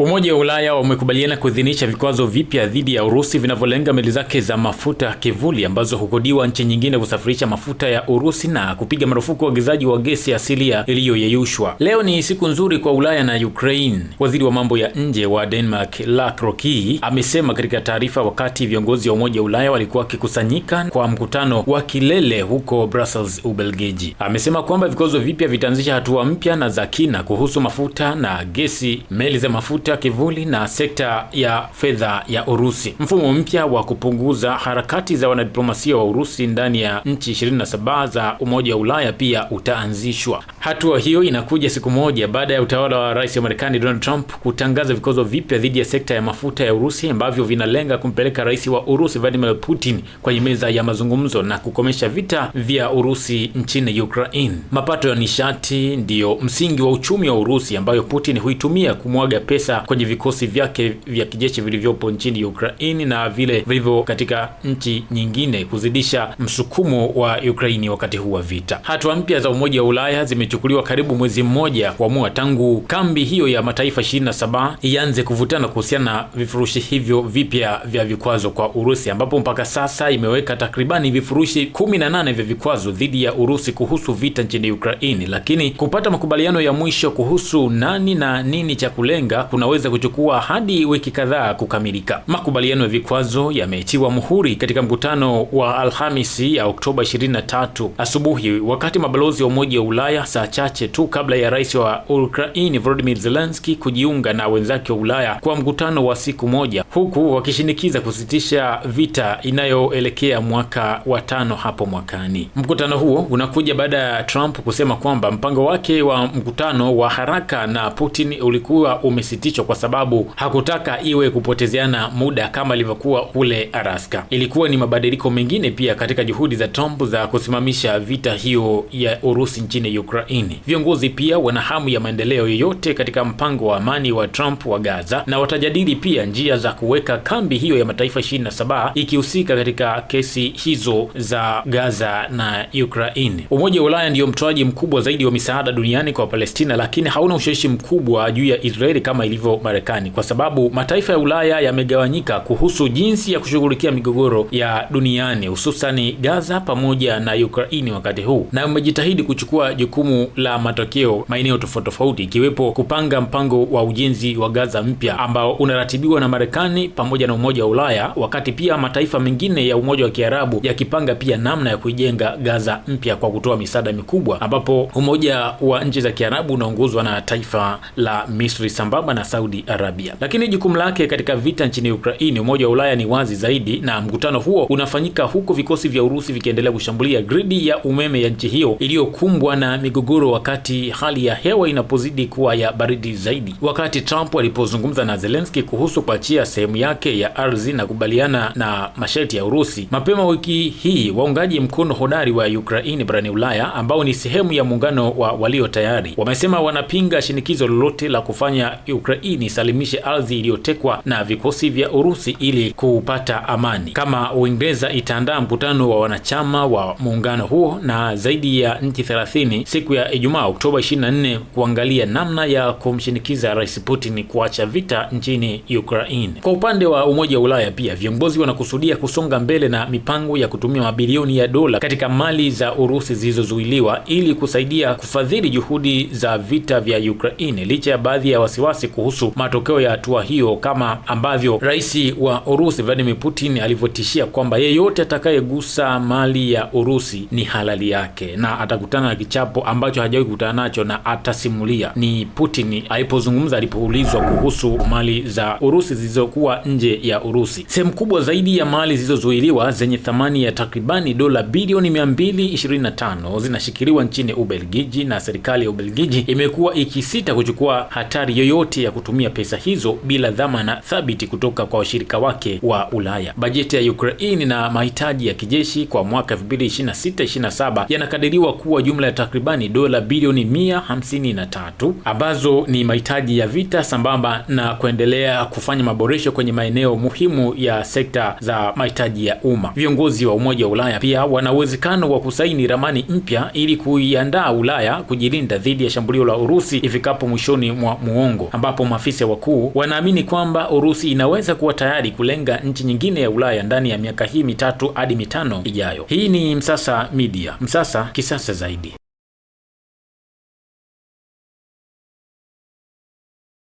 Umoja wa Ulaya umekubaliana kuidhinisha vikwazo vipya dhidi ya Urusi vinavyolenga meli zake za mafuta kivuli ambazo hukodiwa nchi nyingine kusafirisha mafuta ya Urusi na kupiga marufuku uagizaji wa gesi asilia iliyoyeyushwa. Leo ni siku nzuri kwa Ulaya na Ukraine. Waziri wa mambo ya nje wa Denmark Lars Lokke amesema katika taarifa wakati viongozi wa Umoja wa Ulaya walikuwa wakikusanyika kwa mkutano wa kilele huko Brussels, Ubelgiji. Amesema kwamba vikwazo vipya vitaanzisha hatua mpya na za kina kuhusu mafuta na gesi, meli za mafuta sekta ya kivuli na sekta ya fedha ya Urusi. Mfumo mpya wa kupunguza harakati za wanadiplomasia wa Urusi ndani ya nchi 27 za Umoja wa Ulaya pia utaanzishwa. Hatua hiyo inakuja siku moja baada ya utawala wa rais wa Marekani Donald Trump kutangaza vikwazo vipya dhidi ya sekta ya mafuta ya Urusi ambavyo vinalenga kumpeleka rais wa Urusi Vladimir Putin kwenye meza ya mazungumzo na kukomesha vita vya Urusi nchini Ukraine. Mapato ya nishati ndiyo msingi wa uchumi wa Urusi ambayo Putin huitumia kumwaga pesa kwenye vikosi vyake vya kijeshi vilivyopo nchini Ukraine na vile vilivyo katika nchi nyingine kuzidisha msukumo wa Ukraini wakati huu wa vita. Hatua mpya za Umoja wa Ulaya zime ilichukuliwa karibu mwezi mmoja kuamua tangu kambi hiyo ya mataifa 27 ianze kuvutana kuhusiana na vifurushi hivyo vipya vya vikwazo kwa Urusi, ambapo mpaka sasa imeweka takribani vifurushi 18 vya vikwazo dhidi ya Urusi kuhusu vita nchini Ukraini, lakini kupata makubaliano ya mwisho kuhusu nani na nini cha kulenga kunaweza kuchukua hadi wiki kadhaa kukamilika. Makubaliano ya vikwazo yameitiwa muhuri katika mkutano wa Alhamisi ya Oktoba 23 asubuhi wakati mabalozi wa Umoja wa Ulaya saa saa chache tu kabla ya rais wa Ukraini Volodymyr Zelensky kujiunga na wenzake wa Ulaya kwa mkutano wa siku moja, huku wakishinikiza kusitisha vita inayoelekea mwaka wa tano hapo mwakani. Mkutano huo unakuja baada ya Trump kusema kwamba mpango wake wa mkutano wa haraka na Putin ulikuwa umesitishwa kwa sababu hakutaka iwe kupotezeana muda kama ilivyokuwa kule Alaska. Ilikuwa ni mabadiliko mengine pia katika juhudi za Trump za kusimamisha vita hiyo ya Urusi nchini Ukraine ini. Viongozi pia wana hamu ya maendeleo yoyote katika mpango wa amani wa Trump wa Gaza na watajadili pia njia za kuweka kambi hiyo ya mataifa 27 ikihusika katika kesi hizo za Gaza na Ukraine. Umoja wa Ulaya ndiyo mtoaji mkubwa zaidi wa misaada duniani kwa Palestina, lakini hauna ushawishi mkubwa juu ya Israeli kama ilivyo Marekani, kwa sababu mataifa ya Ulaya yamegawanyika kuhusu jinsi ya kushughulikia migogoro ya duniani, hususani Gaza pamoja na Ukraine wakati huu, na umejitahidi kuchukua jukumu la matokeo maeneo tofauti tofauti, ikiwepo kupanga mpango wa ujenzi wa Gaza mpya ambao unaratibiwa na Marekani pamoja na Umoja wa Ulaya, wakati pia mataifa mengine ya Umoja wa Kiarabu yakipanga pia namna ya kuijenga Gaza mpya kwa kutoa misaada mikubwa, ambapo umoja wa nchi za Kiarabu unaongozwa na taifa la Misri sambamba na Saudi Arabia. Lakini jukumu lake katika vita nchini Ukraini, Umoja wa Ulaya ni wazi zaidi, na mkutano huo unafanyika huku vikosi vya Urusi vikiendelea kushambulia gridi ya umeme ya nchi hiyo iliyokumbwa na migogo mgogoro wakati hali ya hewa inapozidi kuwa ya baridi zaidi. Wakati Trump alipozungumza na zelenski kuhusu kuachia sehemu yake ya ardhi na kubaliana na masharti ya Urusi, mapema wiki hii waungaji mkono hodari wa Ukraini barani Ulaya ambao ni sehemu ya muungano wa walio tayari wamesema wanapinga shinikizo lolote la kufanya Ukraini isalimishe ardhi iliyotekwa na vikosi vya Urusi ili kupata amani, kama Uingereza itaandaa mkutano wa wanachama wa muungano huo na zaidi ya nchi 30 siku ya Ijumaa Oktoba 24 kuangalia namna ya kumshinikiza Rais Putin kuacha vita nchini Ukraine. Kwa upande wa Umoja wa Ulaya pia viongozi wanakusudia kusonga mbele na mipango ya kutumia mabilioni ya dola katika mali za Urusi zilizozuiliwa ili kusaidia kufadhili juhudi za vita vya Ukraine, licha ya baadhi ya wasiwasi kuhusu matokeo ya hatua hiyo, kama ambavyo Rais wa Urusi Vladimir Putin alivyotishia kwamba yeyote atakayegusa mali ya Urusi ni halali yake na atakutana na kichapo amba ambacho hajawahi kukutana nacho na atasimulia ni Putin alipozungumza, alipoulizwa kuhusu mali za Urusi zilizokuwa nje ya Urusi. Sehemu kubwa zaidi ya mali zilizozuiliwa zenye thamani ya takribani dola bilioni 225 zinashikiliwa nchini Ubelgiji, na serikali ya Ubelgiji imekuwa ikisita kuchukua hatari yoyote ya kutumia pesa hizo bila dhamana thabiti kutoka kwa washirika wake wa Ulaya. Bajeti ya Ukraini na mahitaji ya kijeshi kwa mwaka 2026-27 yanakadiriwa kuwa jumla ya takribani dola bilioni 153 ambazo ni mahitaji ya vita sambamba na kuendelea kufanya maboresho kwenye maeneo muhimu ya sekta za mahitaji ya umma. Viongozi wa Umoja wa Ulaya pia wana uwezekano wa kusaini ramani mpya ili kuiandaa Ulaya kujilinda dhidi ya shambulio la Urusi ifikapo mwishoni mwa muongo, ambapo maafisa wakuu wanaamini kwamba Urusi inaweza kuwa tayari kulenga nchi nyingine ya Ulaya ndani ya miaka hii mitatu hadi mitano ijayo. Hii ni Msasa Media. Msasa kisasa zaidi.